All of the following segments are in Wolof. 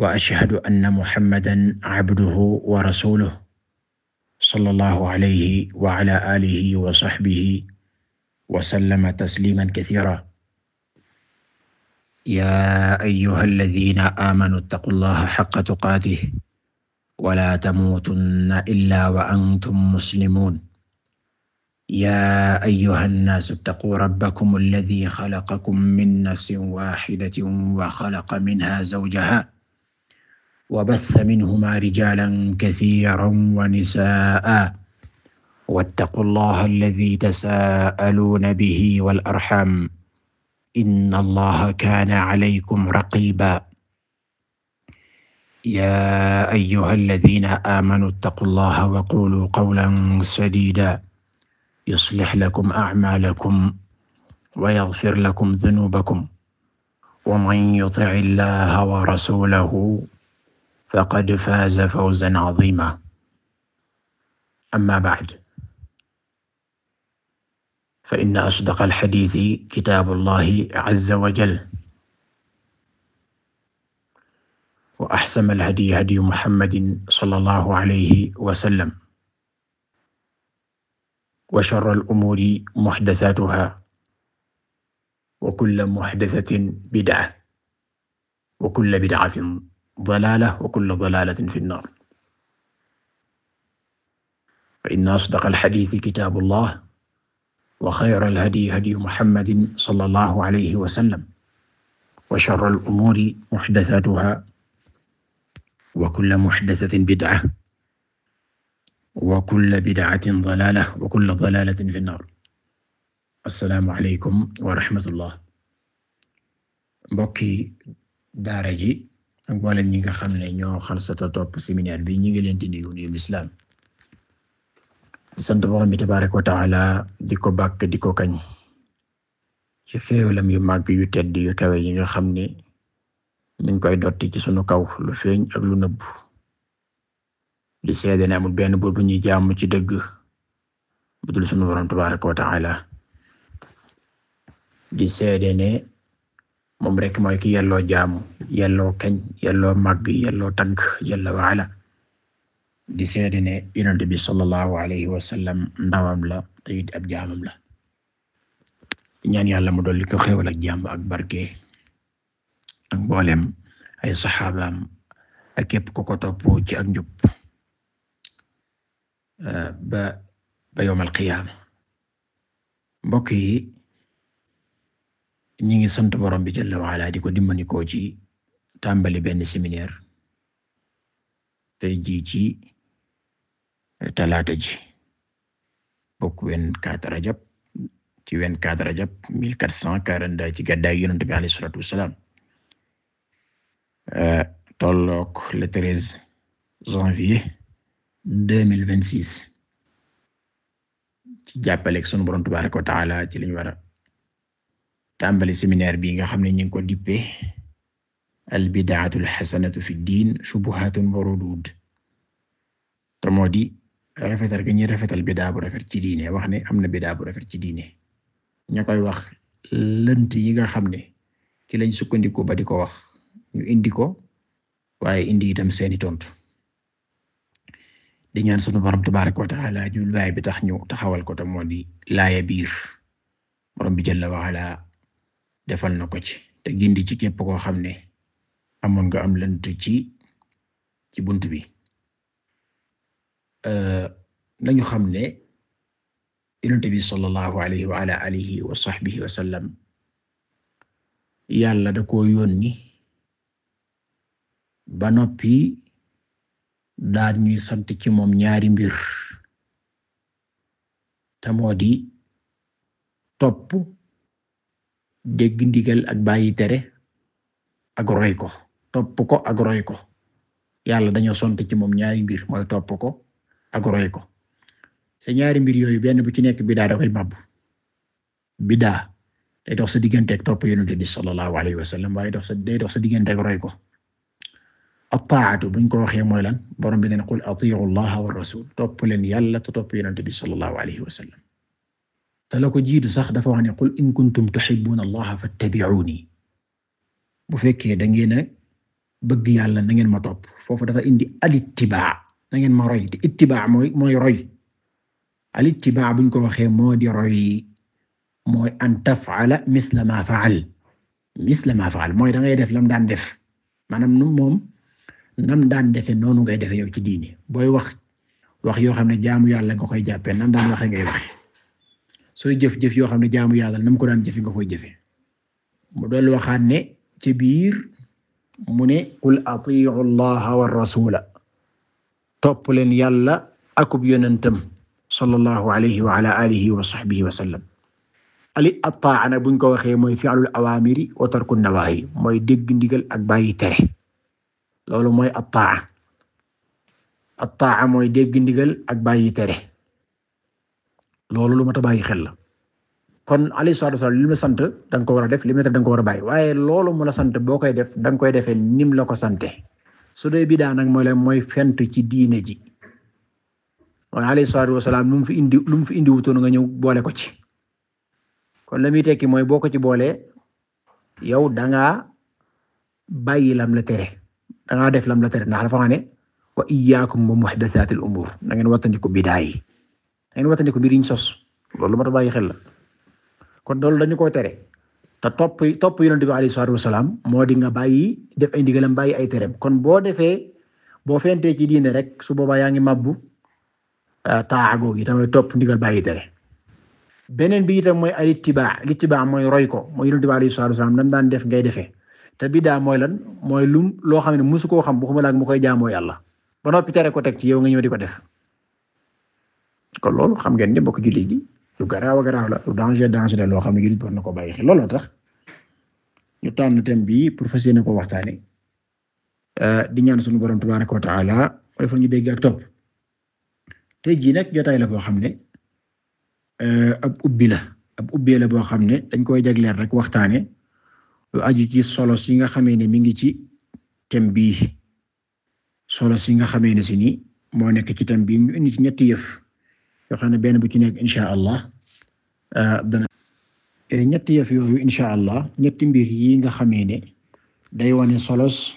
wa ashhadu anna muhammadan abduhu wa rasuluhu sallallahu alayhi wa ala alihi wa sahbihi wa sallama tasliman kathira yaa ayyuha alladina amanu ttaqu llaha xaqa tuqaatih wala tamuutunna illa wa antum muslimun yaa ayyuha nnaasu ttaquu rabbakum alladii xalaqakum min nafsin waaxidatin wa xalaqa minha zawjaha وبث منهما رجالا كثيرا ونساء واتقوا الله الذي تساءلون به والأرحام إن الله كان عليكم رقيبا يا أيها الذين آمنوا اتقوا الله وقولوا قولا سديدا يصلح لكم أعمالكم ويغفر لكم ذنوبكم ومن يطع الله ورسوله faqad faaza fawzan aziima amma ba'd fa inna asdaqa alxadiisi kitaabu llaahi azza wa jal wa axsana alhadyi hadyu muhammadin sallallaahu alayhi wa sallam wa sharra al-umuuri muxdasatuhaa wa kulla muxdasatin bid'a wa kulla bid'atin ضلالة وكل ضلالة في النار فإن أصدق الحديث كتاب الله وخير الهدي هدي محمد صلى الله عليه وسلم وشر الأمور محدثاتها وكل محدثة بدعة وكل بدعة ضلالة وكل ضلالة في النار assalaamu aleykum wa rahmatullah mbokki daara ji ak mboolem ñi nga xam ne ñoo soto topp séminaire bi ñu ngi leen di nuyu nuyu lislaam bi tabaaraka wa taala ko bàkk di ko kañ ci yu màgg yu tedd yu kawe yi nga xam ne mi koy dotti ci sunu kaw lu lu nëbb di seede benn buur bu ñuy jaamu ci dëgg bu dul sunu borom ne moom rek mooy ki yelloo jaamu yelloo kañ yelloo màgg yelloo tagg jalla wa di seede ne yonent bi sallallahu alayhi wa sallam ndawam la te ab jaamam la ñaan yàlla mu dolli ko xéewal ak jàmm ak barke ak mboolem ay saxaabaam ak képp ku ko topp ci ak njub eh, ba ba yawmal qiyaama mbokk ñi ngi sant borom bi jalla waala ko dimbandikoo ci tàmbali benn séminaire tey jii ci eh, talaata ji bokk vingt-quatre rajab ci vingt-quatre rajab mille quatre cent quarante-deux ci gàddaay yonent bi alayhi salaatu wassalaam eh, tollook le janvier deux mille vingt-six ci jàppaleeg sunu borom tabaaraka wa taala ci wara tàmbali séminaire bi nga xam ne ñu ngi ko dippe al bid'atu al xasanatu fi diin shubuhatun wa rudud te moo di rafetal gi ñuy rafetal bidaa bu rafet ci diine wax ne am na bidaa bu rafet ci diine ña koy wax lënt yi nga xam ne ci lañ sukkandiku ba di ko wax ñu indi ko waaye indi itam seeni tont di ñaan sunu borom tabaaraka wa ta'ala jubluwaay bi tax ñu taxawal ko te moo di biir borom bi jalla wa defal na ko ci te gindi ci képp koo xam ne amoon nga am lënt ci ci bunt bi euh, nañu xam ne yonent bi sallallahu alayhi wa ala alihi wa sahbihi wa sallam yàlla da koo yónni ba noppi daal ñuy sant ci moom ñaari mbir te moo di topp dégg ndigal ak bàyyi tere ak roy ko topp ko ak roy ko yàlla dañoo sont ci moom ñaari mbir mooy topp ko ak roy ko sa ñaari mbir yooyu benn bu ci nekk bidaa da koy mabbu bidaa day dox sa diggante ak topp yonent bi sallallahu alayhi wa sallam waaye dox sa day dox sa diggante ak roy ko at-taa'atu buñ ko waxee mooy lan borom bi ne qul atii'u allaha wa rasul topp leen yàlla te topp yonent bi sallallahu alayhi wa sallam te la ko jiitu sax dafa wax ne qul in kuntum tuhibbuna allaha fattabi'uni bu fekkee da ngeen bëgg yàlla na ngeen ma topp foofu dafa indi alittibaa na ngeen ma roy te ittibaa mooy mooy roy alittibaa buñ ko waxee moo di roy mooy an taf'ala mithla ma fa'al mithla ma fa'al mooy da ngay def lam daan def manaam nu moom nam daan defe noonu ngay defe yow ci diini booy wax wax yoo xam ne jaamu yàlla nga koy jàppee nan daan waxe ngay waxe sooy jëf-jëf yoo xam ne jaamu yàlla na mu ko daan jëfe nga koy jëfe mu dool waxaat ne ci biir mu ne qul atii'u allaha wa rasula topp leen yàlla aku yonentam sallallahu alayhi wa ala wa sahbihi wa sallam ali attaa nag buñ ko waxee mooy fi'lul awaamiri wa tarku nawaahi mooy dégg ndigal ak bàyyi tere loolu mooy attaa attaa mooy dégg ndigal ak bàyyi tere loolu lu mat a bàyyi xel la kon alayhi salaatu wa salaam li mu sant da ko war a def li mu tere da nga ko war a bàyyi waaye loolu mu a sant boo koy def da koy defee nim la ko sante su dee bidaa nag mooy la mooy fent ci diine ji mooy alayhi salaatu wa salaam fi indi lu mu fi indi nga ñëw boole ko ci kon la muy tekki mooy boo ko ci boolee yow da ngaa lam la tere da def lam la tere ndax dafa xam ne wa iyyaakum wa muhdathatil umuur da ngeen wattandiku bidaa yi dañu watandi ko mbir yi ñu sos loolu moo tax bàyyi xel la kon doolu dañu koo tere te topp topp yonent bi alayhi salaatu wasalaam moo di nga bàyyi def ay ndigalam bàyyi ay tereem kon boo defee boo fentee ci diine rek su boobaa yaa ngi mabbu eh, taagoo gi tamit topp ndigal bàyyi tere. beneen bi itam mooy alittibaa alittibaa mooy roy ko mooy yonent bi alayhi salaatu wasalaam nam daan def ngay defe te biddaa mooy lan mooy lum loo xam ne musu koo xam bu xuma mu koy jaamoo yàlla ba noppi tere ko teg ci yow nga ñëw di ko def. ko loolu xam ngeen ne bokk jullit ji lu garaaw a garaaw danger danger loo xam ne jullit war na ko bàyyi looloo tax ñu tànn thème bii pour fas yéene ko waxtaane euh, di ñaan sunu borom tabaaraka wa taala wala ñu dégg ak topp tey jii nag jotaay la boo xam ne euh, ab ubbi la ab ubbi la boo xam ne dañ koy jagleel rek waxtaane lu aju ci solo si nga xamee ne mi ngi ci thème bii solo si nga xamee ne si ni moo nekk ci thème bii ñu indi ci ñetti yëf. yoo xam ne benn bu ci nekk incha allah euh, dana. Eh, ñetti yëf incha allah ñetti mbir yi nga xamee ne day wane solos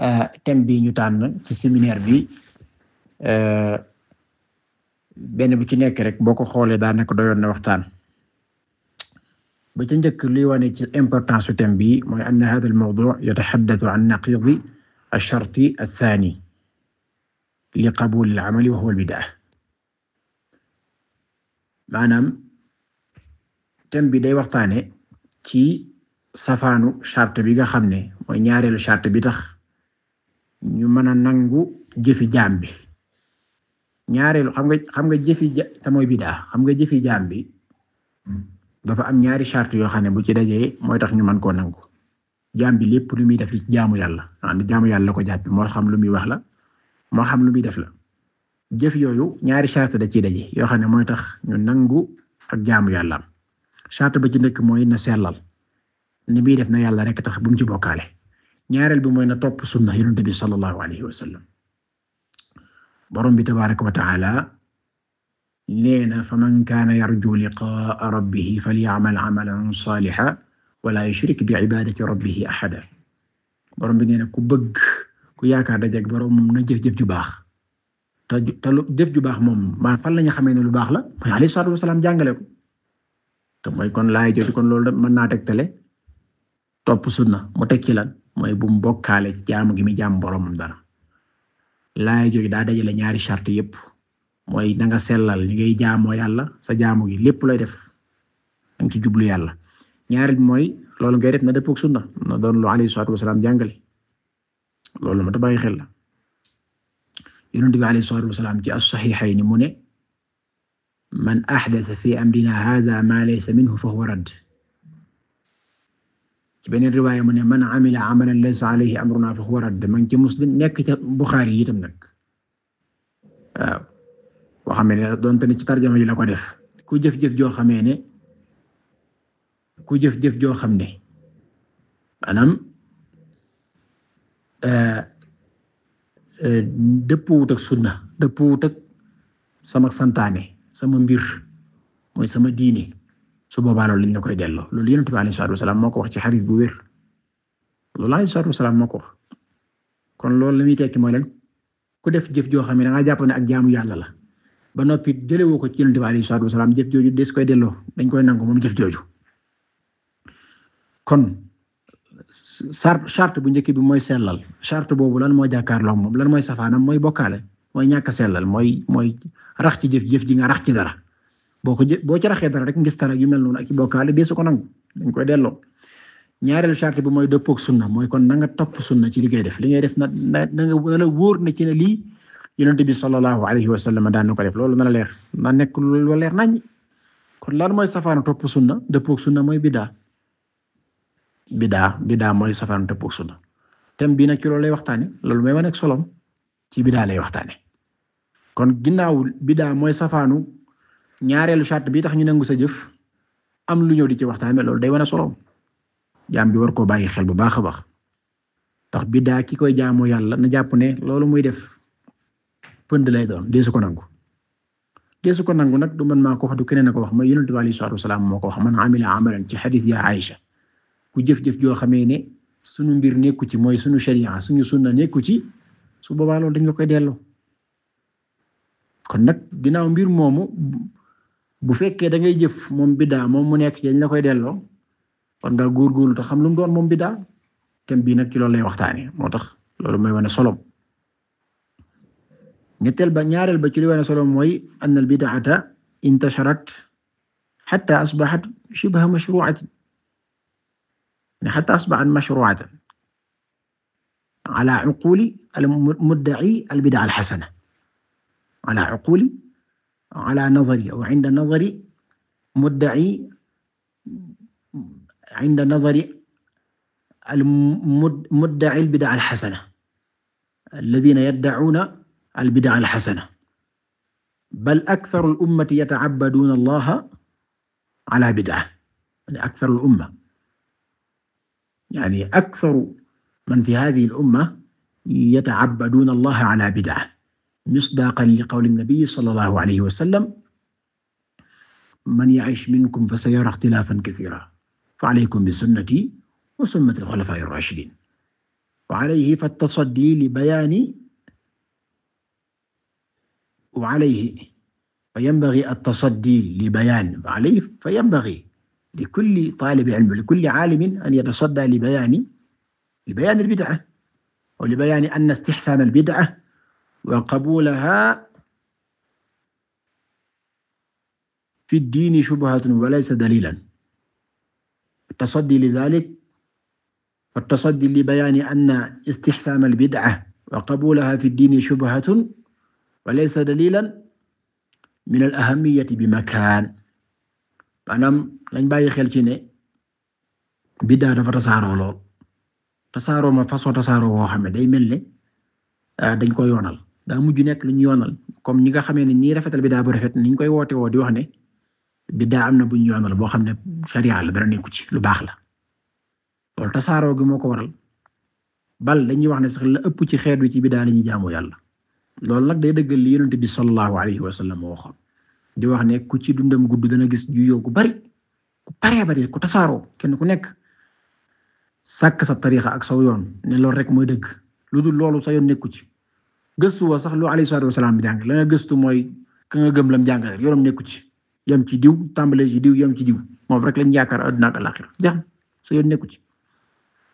euh, thème bi ñu tànn ci séminaire bi euh, benn bu ci nekk rek boo ko xoolee daanaka doyoon na waxtaan. ba ca njëkk luy wane ci importance su thème bi mooy anna hada al mawdu' yataxaddathu an naqidi ash-shart ath-thani li qabul al amal wa huwa al bid'ah maanaam thème bi day waxtaane ci safaanu charte bi nga xam ne mooy ñaareelu sart bi tax ñu mën a nangu jëfi jaam bi ñaareelu xam nga jëfi ja te bidaa xam nga jëfi jaam bi dafa am ñaari sart yoo xam ne bu ci dajee mooy tax ñu mën koo nangu jaam bi lépp lu muy def ci jaamu yàlla maanaam jaamu yàlla la ko jàpp moo xam lu muy wax la moo xam lu muy def la. jëf yooyu ñaari charte da ciy daje yoo xam ne mooy tax ñu nangu ak jaamu yàlla charte ba ci njëkk mooy na sellal ni muy def na yàlla rek tax bu mu ci bokkaale ñaareel bi mooy na topp sunna yonent bi sallallahu alayhi wa sallam borom bi tabaaraka wa ta'ala nee na fa man kaana yarju liqaa'a rabbihi falya'mal 'amalan saalihan wa laa na ku jëf ju baax. te te jëf ju baax moom maa fan la ñu xamee ne lu baax la mooy alayhi salaatu wasalaam te mooy kon laay jooju kon loolu mën naa tegtale topp sunna mu ci lan mooy bu mu bokkaale jaamu gi mi jaam boromam dara laay jooju daa dajale ñaari charte yëpp mooy na nga sellal li ngay jaamoo yàlla sa jaamu gi lépp lay def danga ci jublu yàlla ñaari mooy loolu ngay def na dëppoo ak na doon lu alayhi salaatu wasalaam jàngale loolu ma ta bàyyi xel la yonent bi alayhi salaatu wasalaam ci as-saxiixayni mu ne man axdasa fi amrina haaza maa laysa minhu fa huwa radd ci beneen riwaaya mu ne man amila amalan laysa alayhi amruna fa huwa radd man ci muslim nekk ca Buxaari itam nag waaw boo xam ne doonte ne ci tarjama yi la ko def ku jëf-jëf joo xamee ne ku jëf-jëf joo xam ne maanaam eh, Eh, dëppoowut ak sunna dëppoowut ak sama santaane sama mbir mooy sama diini su boobaa loolu lañ la koy delloo loolu Yonent bi alayhi salaatu wasalaam moo ko wax ci xadiis bu wér lool alayhi salaatu wasalaam moo ko wax kon loolu la muy tekki mooy lan ku def jëf joo xam ne da ngaa jàpp ne ak jaamu yàlla la ba noppi jëlewoo ko ci Yonent bi alayhi salaatu wasalaam jëf jooju des koy delloo dañ koy nangu moom jëf jooju kon charte bu njëkk bi mooy sellal charte boobu lan moo jàkkaarloo moom lan mooy safaanam mooy bokkaale mooy ñàkk sellal mooy mooy rax ci jëf-jëf ji nga rax ci dara boo ko jë boo ci raxee dara rek ngis tara yu mel noonu ak i bokkaale dee su ko nangu dañ koy delloo ñaareelu charte bi mooy dëppoog sunna mooy kon na nga topp sunna ci li ngay def li ngay def na na nga la wóor na ci ne lii yonent bi sallallahu alayhi wa sallam daan na ko def loolu na la leer na nekk lu leer nañ kon lan mooy safaanu topp sunna dëppoog sunna mooy biddaa bidaa bidaa mooy safaan dëppoo sunna thème bi nag ci loolu lay waxtaane loolu may wane ak solom ci bidaa lay waxtaane kon ginnaaw bidaa mooy safaanu ñaareelu charte bi tax ñu nangu sa jëf am lu ñëw di ci waxtaane loolu day wane solom jaam bi war ko bàyyi xel bu baax a baax ndax bidaa ki koy jaamu yàlla na jàpp ne loolu muy def pënd lay doon deesu ko nangu deesu ko nangu nag du man maa ko wax du keneen a ko wax mooy Yonent bi sallallahu alayhi wasallam moo wax man amila amalan ci xadiis ya Aïcha ku jëf-jëf joo xamee ne sunu mbir nekku ci mooy sunu sharia suñu sunna nekku ci su boobaa loolu dañ la koy delloo kon nag ginnaaw mbir moomu bu fekkee da ngay jëf moom biddaa moom mu nekk dañ la koy delloo war ngaa góorgóorlu te xam lu mu moom biddaa thème bii nag ci lay waxtaanee moo tax loolu mooy wane solom ñetteel ba ñaareel ba ci li wane solom mooy anna al bid'ata intasharat hatta asbahat shibha يعني حتى أصبحت مشروعة على عقول المدعي البدع الحسنة على عقول على نظري أو عند نظري مدعي عند نظري المدعي البدع الحسنة الذين يدعون البدع الحسنة بل أكثر الأمة يتعبدون الله على بدعة يعني أكثر الأمة يعني أكثر من في هذه الأمة يتعبدون الله على بدعة مصداقا لقول النبي صلى الله عليه وسلم من يعش منكم فسيرى اختلافا كثيرا فعليكم بسنتي وسنة الخلفاء الراشدين وعليه فالتصدي لبيان وعليه فينبغي التصدي لبيان عليه فينبغي لكل طالب علم لكل عالم أن يتصدى لبيان لبيان البدعة ولبيان أن استحسان البدعة وقبولها في الدين شبهة وليس دليلا التصدي لذلك والتصدي لبيان أن استحسان البدعة وقبولها في الدين شبهة وليس دليلا من الأهمية بمكان maanaam nañ bàyyi xel ci ne biddaa dafa tasaaroo lool tasaaroo ma façon tasaaroo woo xam ne day mel ne ah, dañ koy yoonal daa mujj nekk lu ñu yoonal comme ñi nga xamee ne ñiy rafetal biddaa bu rafet niñ koy woote woo di wax ne biddaa am na bu ñu yoonal boo xam ne sharia la dara nekku ci lu baax la loolu tasaaroo gi moo ko waral bal dañuy wax ne sax la ëpp ci xeet wi ci biddaa la ñuy jaamu yàlla loolu nag day dëggal li yonent bi sallallahu alayhi wa sallam waxoon di wax ne ku ci dundam gudd dana gis juyoo gu bari ku baree bari ku tasaaroo kenn ku nekk sàkk sa tarixa ak saw yoon ne loolu rek mooy dëgg lu dul loolu sax yoon nekku ci gëstu woo sax lu alayhi salaatu wasalaam bi jàng la gëstu mooy ka gëm lam jàngale yoonam nekku ci yam ci diw tàmbale ci diw yam ci diw moom rek lañ yaakaar àdduna ak alaxira jax nekku ci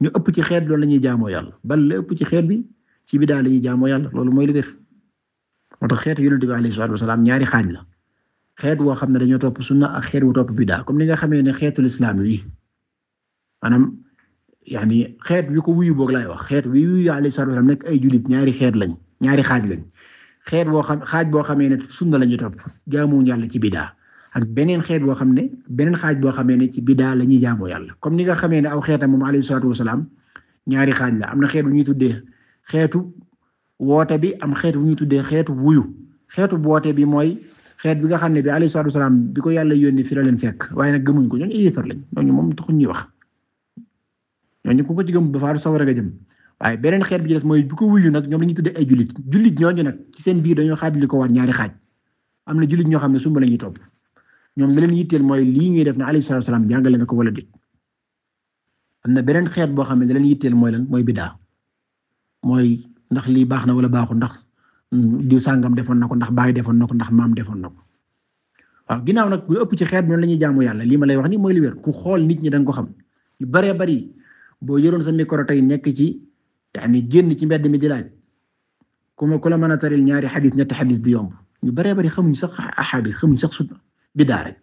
ñu ëpp ci xeet loolu la ñuy jaamoo yàlla bal la ëpp ci xeet bi ci bidaa la ñuy jaamoo yàlla loolu mooy li wér moo tax xeetu yonent bi alayhi salaatu wasalaam ñaari xaaj la xeet woo xam ne dañoo topp sunna a xeet wu topp biddaa comme ni nga xamee ne xeetul islam yi maanaam yaani xeet wi ko wuyu boog laay wax xeet wi wuyu alayhi salaatu wa salaam ay julit ñaari xeet lañ ñaari xaaj lañ xeet boo xam xaaj boo xamee ne sunna lañu topp jaamu yàlla ci biddaa ak beneen boo xam ne beneen xaaj boo xamee ne ci biddaa la ñuy jaamu yàlla comme ni nga xamee ne aw xeetam moom alayhi salaatu wa salaam ñaari xaaj la am na xeet bu ñuy tuddee xeetu woote bi am xeet bu ñuy tuddee xeetu wuyu xeetu woote bi mooy xeet bi nga xam ne bi alayhi salaatu wasalaam ko yàlla yónni fi la leen fekk waaye nag gëmuñ ko ñoom yéefar lañ ñooñu moom taxuñ ñuy wax ñooñu ku ko ci gëm ba faa sawara nga jëm waaye beneen xeet bi ci mooy bi ko wuyu nag ñoom la ñuy tudde ay jullit jullit ñooñu nag ci seen biir dañoo xaaj li ko war am na jullit ñoo xam ne sumba la ñuy topp ñoom la leen yitteel mooy lii ñuy def na alayhi salaatu wasalaam ko wala déet am na beneen xeet boo xam ne la leen yitteel mooy leen mooy bidaa mooy ndax lii baax na wala baaxul ndax diw sàngam defoon na ko ndax baay defoon na ko ndax maam defoon na ko waaw ginnaaw nag lu ëpp ci xeet noonu lañuy ñuy jaamu yàlla lii ma lay wax ni mooy li wér ku xool nit ñi da ko xam yu baree bari boo yoroon sa micro tey nekk ci yaani génn ci mbedd mi di laaj ku ku la mën a taril ñaari xadis ñetti xadis du yomb ñu baree bari xamuñ sax ahadis xamuñ sax sunna bidaa rek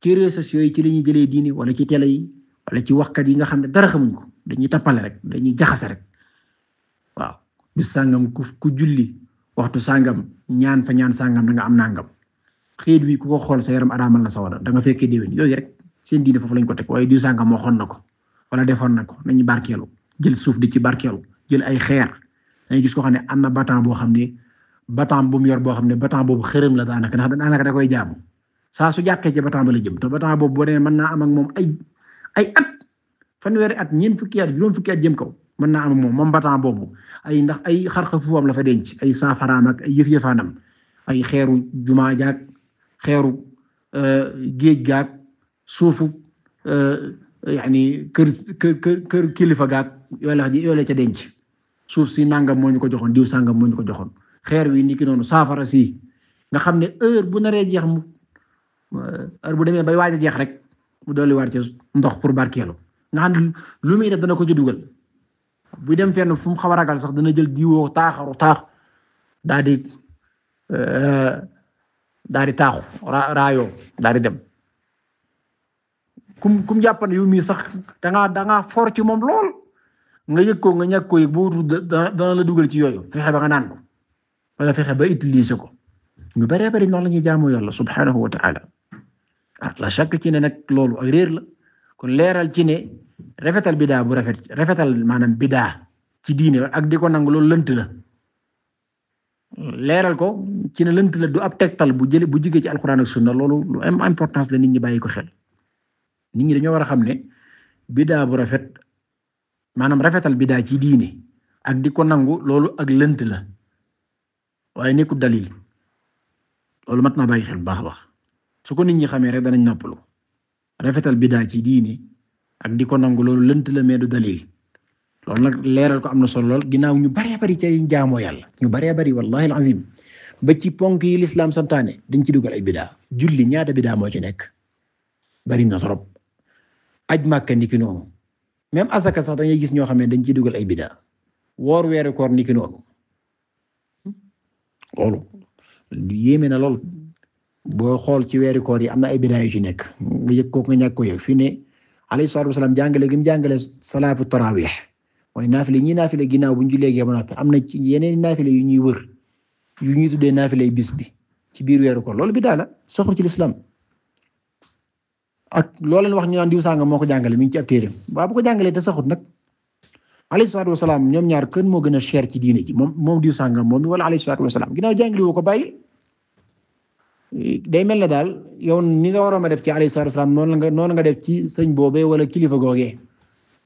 ci réseaux sociaux yi ci la ñuy jëlee diini wala ci télé yi wala ci wax kat yi nga xam ne dara xamuñ ko dañuy tappale rek dañuy jaxasa rek waaw bis sàngam ku julli waxtu sàngam ñaan fa ñaan sàngam da nga am nangam xeet wi ku ko xool sa yaram araamal na sawara da nga fekkee déwén yooyu rek seen diine foofu lañ ko teg waaye diw sàngam waxoon na ko wala defoon na ko nañu barkeelu jël suuf di ci barkeelu jël ay xeer dañuy gis xam ne am na batan boo xam ne batan bu mu yor boo xam ne batan boobu xërëm la daanaka ndax daanaka da koy jaamu saa su jàkkee ci batan ba la jëm to batan boobu boo demee mën naa am ak moom ay ay at fanweeri at ñeent fukki at juróom fukki at jëm kaw mën naa am moom moom bataan boobu ay ndax ay xarxafu am la fa denc ay saafaraam ak ay yëf-yëfaanam ay xeeru jumaa jaag xeeru euh, géej gaak suufu euh, yaani kër kër kër kilifa gaak yoo la yoo ca denc suuf si nangam moo ko joxoon diw sangam moo ko joxoon xeer wi niki noonu saafara si nga xam ne heure bu naree jeex mu euh, heure bu demee bay waaj a jeex rek mu dolli waar ci ndox pour barkeelu nga xam lu muy def dana ko ci dugal bu dem fenn fu mu xaw a ragal sax dana jël diwoo taaxaru taax daa di euh, daa di taaxu raayoo daa di dem kum kum jàpp ne yow sax da ngaa da ci moom lool nga yëg ko nga ñàkk ko yëg boo wutul dana la dugal ci yooyu fexe ba nga naan ko wala fexe ba utiliser ko ñu baree bari noonu la ñuy jaamoo yàlla wa ta'ala ah, la chaque ci nag loolu ak réer la kon leeral ci rafetal bidaa bu rafet rafetal maanaam bidaa ci diine ak di ko nangu loolu lënt la leeral ko ci na lënt la du ab tegtal bu jële bu jugee ci alxuraan ak sunna loolu importance la nit ñi bàyyi ko xel nit ñi dañoo war a xam ne bidaa bu rafet maanaam rafetal bidaa ci diine ak di ko nangu loolu ak lënt la waaye nekkul dalil loolu mat na bàyyi xel bu baax a baax su ko nit ñi xamee rek danañ noppalu rafetal bidaa ci diine ak di ko nangu loolu lënt la loolu nag leeral ko am na solo lool ginnaaw ñu baree bari ci jaamoo yàlla ñu baree bari wallahi alazim ba ci ponk yi lislaam santaane dañ ci dugal ay bidaa julli ñaata bidaa moo ci nekk bari na trop aj màkka niki noonu même asaka sax dangay gis ñoo xam ne dañ ciy dugal ay bidaa woor weeru koor niki noonu loolu yéeme na lool boo xool ci weeru koor yi am na ay bidaa yu ci nekk nga yëg ko nga ñàkk ko yëg fi ne alayhi salaatu wasalaam jàngale gi mu jàngale salaatu tarawih mooy naafile ñi naafile ginnaaw bu ñu jullee gee ba noppi am na ci yeneen naafile yu ñuy wër yu ñuy tuddee naafile bis bi ci biir weeru koor loolu bi daala soxor ci lislaam ak loo leen wax ñu naan diw moo ko jàngale mi ngi ci waa bu ko jàngalee saxut nag alayhi salaatu wasalaam ñoom ñaar kenn moo gën a cher ci diine ji moom moom diw sàngam moom wasalaam ginnaaw woo ko bàyyi day mel ne daal yow ni nga waroon a def ci alayhi salaatu wa salaam noonu la nga noonu nga def ci sëñ boobee wala kilifa googee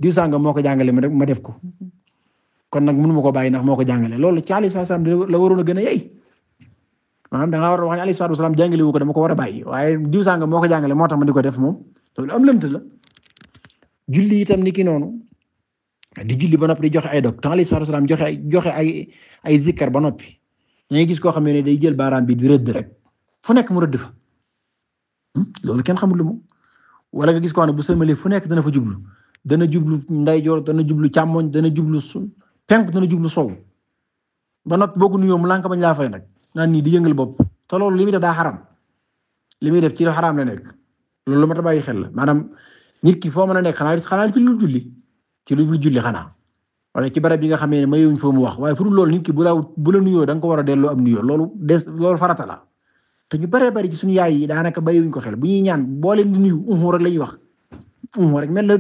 diw sàngam moo ko jàngale ma def ko nag mënu ma ko bàyyi ndax moo ko jàngale loolu ci alayhi salaatu wa la waroon a gën a yey war a wax ne alayhi salaatu wa ko dama ko war a bàyyi waaye diw sàngam moo ko jàngale moo tax ma di ko def moom am lënt la julli itam ni ki noonu di julli ba noppi di joxe ay dog te alayhi salaatu wa joxe joxe ay ay zikkar ba noppi da ngay gis koo xam ne day jël baraam bi di rëdd rek fu nekk mu rëdd fa hmm? loolu kenn xamul lu mu wala nga gis ko ne bu sëlmalee fu nekk dana fa jublu dana jublu ndeyjoor dana jublu càmmoñ dana jublu su penk dana jublu sow ba noppi boo ko nuyoo mu lànk bañ laa fay nag naan nii di yëngal bopp te loolu li muy def daa xaram li muy def ci la xaram nekk loolu mat bàyyi xel la maanaam nit ki foo a nekk xanaa xanaa ci lu julli ci lu julli xanaa wala ci barab yi nga xamee ne mayuñ foo mu wax waaye fu dul loolu nit ki bu la bu la nuyoo da ko war a delloo am nuyoo loolu des loolu farata te ñu bëree bëri ci suñu yaay yi daanaka bàyyiwuñ ko xel bu ñuy ñaan boo leen di nuyu umu rek la ñuy wax umu rek mel la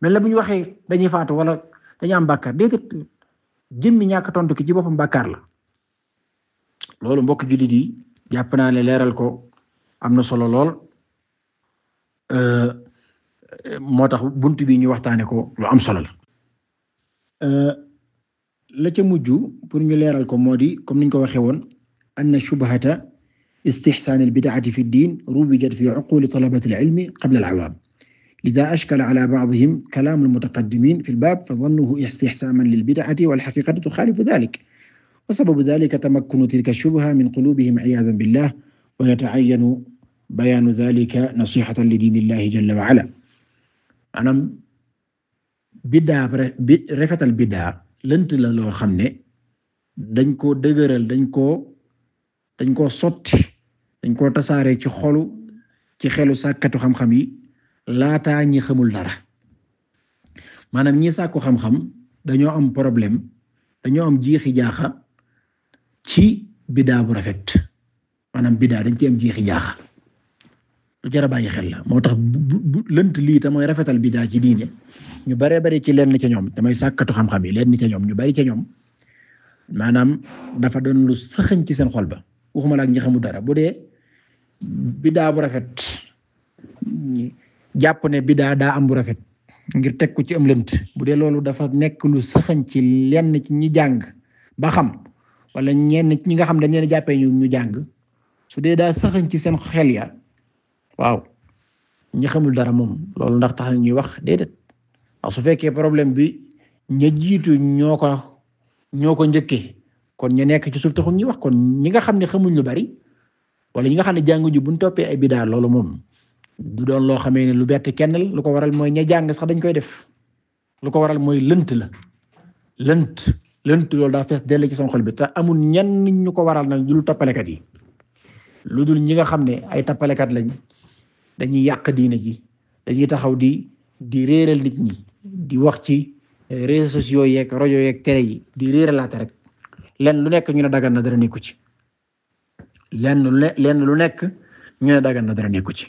mel la bu ñu waxee dañuy faatu wala dañu am bàkkaar déedéet jëmmi ki ci boppam bàkkaar la. loolu mbokk jullit yi jàpp naa ne leeral ko am na solo lool euh, moo tax bunt bi ñu waxtaane ko lu am solo la. Euh, la ca mujj pour ñu leeral ko moo di comme niñ ko waxee woon anna shubhata استحسان البدعة في الدين روجت في عقول طلبة العلم قبل العوام لذا أشكل على بعضهم كلام المتقدمين في الباب فظنوه استحساما للبدعة والحقيقة تخالف ذلك وسبب ذلك تمكن تلك الشبهة من قلوبهم عياذا بالله ويتعين بيان ذلك نصيحة لدين الله جل وعلا maanaam biddaa bi rafetal biddaa lënt la loo xam ne dañ koo dëgëral dañ koo dañ koo sotti dañ koo tasaaree ci xolu ci xelu sàkkatu xam-xam yi laata ñi xamul dara maanaam ñi sàkku xam-xam dañoo am problème dañoo am jiixi jaaxa ci bidaa bu rafet maanaam bidaa dañ ci am jiixi jaaxa lu jar a xel la moo tax bu lënt lii ta mooy rafetal bidaa ci diine ñu baree bari ci leen lenn ca ñoom damay sàkkatu xam-xam yi lenn ca ñoom ñu bari ca ñoom maanaam dafa doon lu saxañ ci seen xol ba waxuma la ak ñi dara bu dee bidaa bu rafet jàpp ne bidaa daa am bu rafet ngir teg ko ci am lënt bu dee loolu dafa nekk lu saxañ ci lenn ci ñi jàng ba xam walla ñenn ñi nga xam dañ leen jàppee ñu ñu jàng su dee daal saxañ ci seen xel ya waaw ñi xamul dara moom loolu ndax tax na ñuy wax déedéet ndax su fekkee problème bi ña jiitu ñoo ko ñoo ko njëkkee kon ña nekk ci suuf taxul ñuy wax kon ñi nga xam ne xamuñ lu bari wala ñi nga xam ne jàngu ji buñ toppee ay bidaa loolu moom du doon loo xamee ne lu bett kenn lu ko waral mooy ña jàng sax dañ koy def lu ko waral mooy lënt la lënt lënt loolu daa fees dell ci son xol bi te amul ñenn ñu ko waral nag dul tappalekat yi lu dul ñi nga xam ne ay tappalekat lañ dañuy yàq diine ji dañuy taxaw di di réeral nit ñi di wax ci eh, réseaux sociaux yeeg rajo yeeg tere yi di réeralaate rek len lu nekk ñu ne daggan na dara nekku ci lenn lu ne lenn lu nekk ñoone ne na dara nekku ci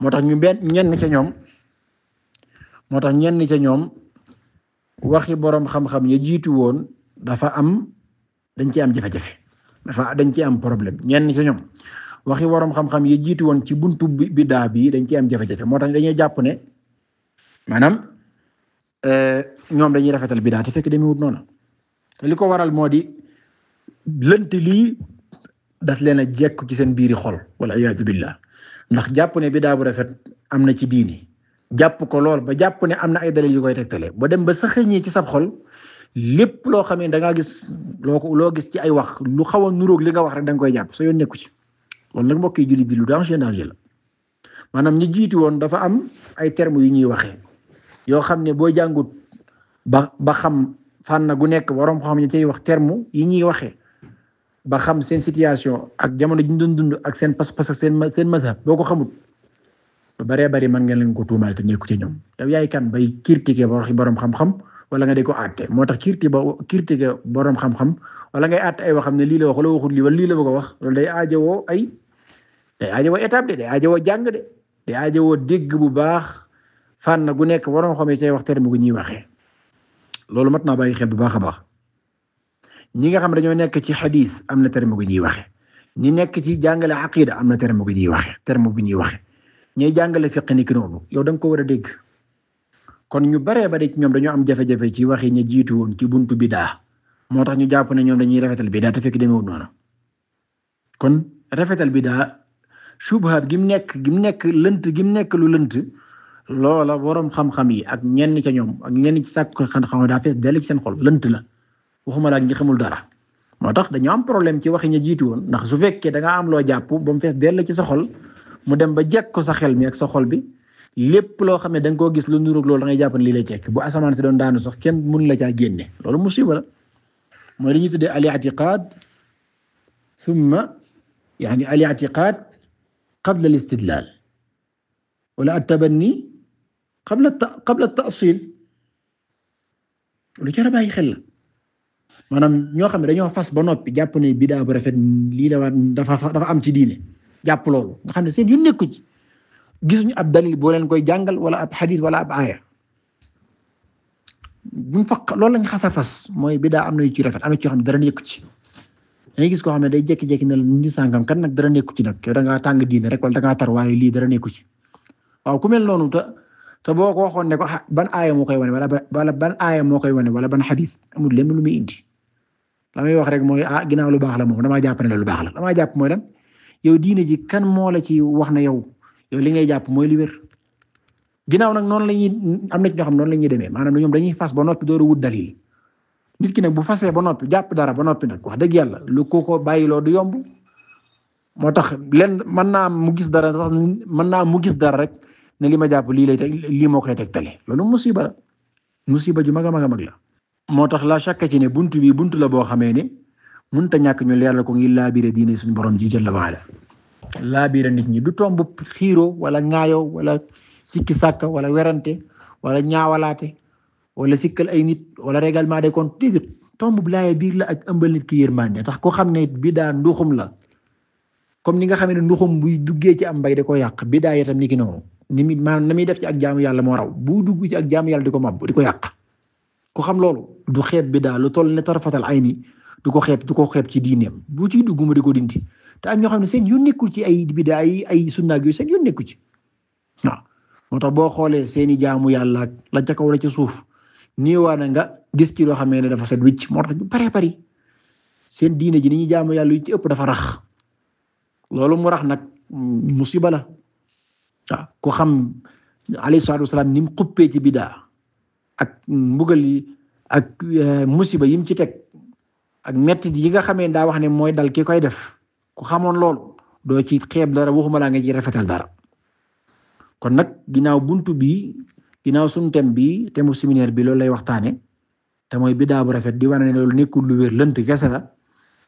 moo tax ñu benn ñenn ca ñoom moo tax ñenn ca ñoom waxi boroom xam-xam ya jiitu woon dafa am dañ ci am jafe-jafe dafa dañ ci am problème ñenn ca ñoom waxi boroom xam-xam jiitu woon ci buntu bi biddaa bi dañ ci am jafe moo tax dañuy jàpp ne maanaam euh, ñoom dañuy rafetal biddaa te fekk demewut noonu te waral moo di daf leen a jekku ci seen biiri xol wal iyaadu billah ndax jàpp bi bidaa bu rafet am na ci diini jàpp ko lool ba jàpp ne am na ay dalil yu koy tegtale ba dem ba saxee ñii ci sab xol lépp loo xam ne da ngaa gis loo ko loo gis ci ay wax lu xaw a nuróog li nga wax rek da koy jàpp soo yoon nekku ci loolu nag mbokk yi jullit di lu danger danger la maanaam ñi jiitu woon dafa am ay termu yu ñuy waxee yoo xam ne boo jàngut ba ba xam fànn gu nekk waroom xam ne cay wax terme yi ñuy waxee ba xam seen situation ak jamono ji ñu doon dund ak seen pas-pas ak seen seen mazhab boo ko xamul lu baree bari mën ngeen leen ko tuumaal te nekku ci ñoom yow yaay kan bay critiquer borom xam-xam wala nga di ko àtte moo tax critiquer ba critiquer borom xam-xam wala ngay àtte ay waxam ne lii la wax wala waxul lii wala lii la bëgg a wax loolu day aajowoo ay day aajowoo étape de day aajowoo jàng de day aajowoo dégg bu baax fànn gu nekk waroon xamee cay wax terme gu ñuy waxee loolu mat naa bàyyi xel bu baax a baax. ñi nga xam dañoo nekk ci xadiis am na terme gu ñuy waxe ñi nekk ci jàngale aqida am na terme gu ñuy waxe terme bu ñuy waxe ñiy jàngale fiq ni ki noonu yow da ko war a dégg kon ñu baree bari ci ñoom dañoo am jafe-jafe ci waxi ña jiitu woon ci buntu bidaa moo tax ñu jàpp ne ñoom dañuy rafetal bidaa te fekk demewul noonu kon rafetal bidaa subhaat gi mu nekk gi mu nekk lënt gi mu nekk lu lënt loola borom xam-xam yi ak ñenn ca ñoom ak ñenn ci sàkk xam-xam daa fees dell ci seen xol lënt la waxuma la ak ñi xamul dara moo tax dañoo am problème ci waxi ña jiitu ndax su fekkee da am loo jàpp ba mu fees dell ci sa mu dem ba jekk ko sa xel mi ak bi lépp loo xam ne da koo gis lu nuróog loolu da ngay jàpp ne lay jekk bu asamaan si doon daanu sax kenn mënu la caa génne loolu musiba la li ñuy tuddee al i'tiqad summa yani al i'tiqad qabla al istidlal wala at tabanni qabla qabla at ta'sil lu jar a bàyyi xel la maanaam ñoo xam ne dañoo fas ba noppi jàpp na ne bidaa bu rafet lii dafa dafa dafa am ci diine jàpp loolu nga xam ne seen yu nekku ci gisuñu ab dalil boo leen koy jàngal wala ab xadis wala ab aaya buñ fa loolu lañ xasa fas mooy bidaa am na ci rafet am na ci ne dara nekku ci dañuy gis koo xam ne day jékki-jékki ne ñu sàngam kan nag dara nekku ci nag yow da ngaa tàng diine rek wala da ngaa tar waaye lii dara nekku ci waaw ku mel noonu te te boo ko waxoon ne ko ban aaya moo koy wane wala ban aaya moo koy wane wala ban xadis amul lenn lu muy indi la may wax rek mooy ah ginnaaw lu baax la moom damaa jàpp ne lu baax la damaa jàpp mooy lan yow diine ji kan moo la ci wax na yow yow li ngay jàpp mooy li wér. ginnaaw nag noonu la ñuy am na ci ñoo xam noonu la ñuy demee maanaam ñoom dañuy fas ba noppi dooru wut dalil nit ki nag bu fasee ba noppi jàpp dara ba noppi nag wax dëgg yàlla lu ko ko bàyyiloo du yomb. moo tax lenn man naa mu gis dara sax mën naa mu gis dara rek ne li ma jàpp lii lay teg lii moo koy teg tegtale loolu musiba musiba ju mag a mag a mag moo tax la chaque ci ne buntu bi buntu la boo xamee ne mënut a ñàkk ñu leeral ko ngir laabire diine suñ borom ji jalla waala laabire nit ñi du tomb xiiro wala ŋaayoo wala sikki sàkka wala werante wala ñaawalaate wala sikkal ay nit wala règlement des kon dégg tomb bu biir la ak ëmbal nit ki yërmande tax ko xam ne bidaa nduxum la comme ni nga xam ne nduxum buy duggee ci am mbay da ko yàq bidaa itam ni ki noonu ni mi na muy def ci ak jaamu yàlla moo raw bu dugg ci ak yàlla di ko mab di ko yàq ku xam loolu du xeeb bi daal lu toll ne tarafatal ay ni du ko xeeb du ko xeeb ci diineem bu ciy dugg mu di ko dindi te am ñoo xam ne seen yu nekkul ci ay bidaa yi ay sunna yu seen yu nekku ci waaw moo tax boo xoolee seeni jaamu yàlla la ca ca suuf niiwaana nga gis ci loo xamee ne dafa set wicc moo tax ñu bare seen diine ji ni ñuy yàlla yu ci ëpp dafa rax loolu mu rax nag musibala ko xam alayhi salaatu wasalaam ni mu xuppee ci bidaa ak mbugal yi ak eh, musiba yim ci teg ak mettit yi nga xamee daa wax ne mooy dal ki koy def ku xamoon lool doo ci xeeb dara waxuma laa nga ci rafetal dara kon nag ginnaaw buntu bi ginnaaw suñu thème bi thème mu séminaire bi loolu lay waxtaane te mooy bidaa bu rafet di wane ne loolu nekkul lu wér lënt kese la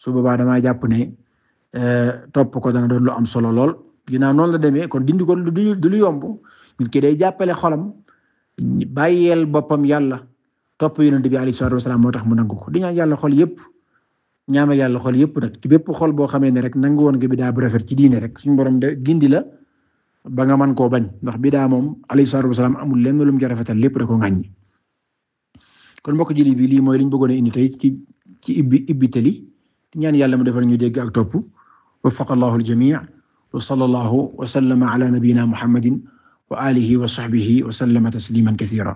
su boobaa damaa jàpp ne eh, topp ko dana doon lu am solo lool ginnaaw noonu la demee kon dindi ko lu yomb nit ki day jàppale xolam bàyyeel boppam yàlla topp yonent bi alayhi salaatu wasalaam moo tax mu nangu ko di ñaan yàlla xol yépp ñaama yàlla xol yépp nag ci bépp xol boo xamee ne rek nangu woon nga bidaa bu rafet ci diine rek suñu borom de gindi la ba nga mën koo bañ ndax bidaa moom alayhi salaatu wasalaam amul lenn lu mu ca rafetal lépp da ko ŋàññi kon mbokk julli bi lii mooy liñ bëggoon a indi tey ci ci ibbi ibbitali di ñaan yàlla mu defal ñu dégg ak topp wafaqa allahu al-jamii wa sallallahu wa sallama ala nabiyyina muhammadin wa alihi wa sahbihi wa sallama tasliman kathira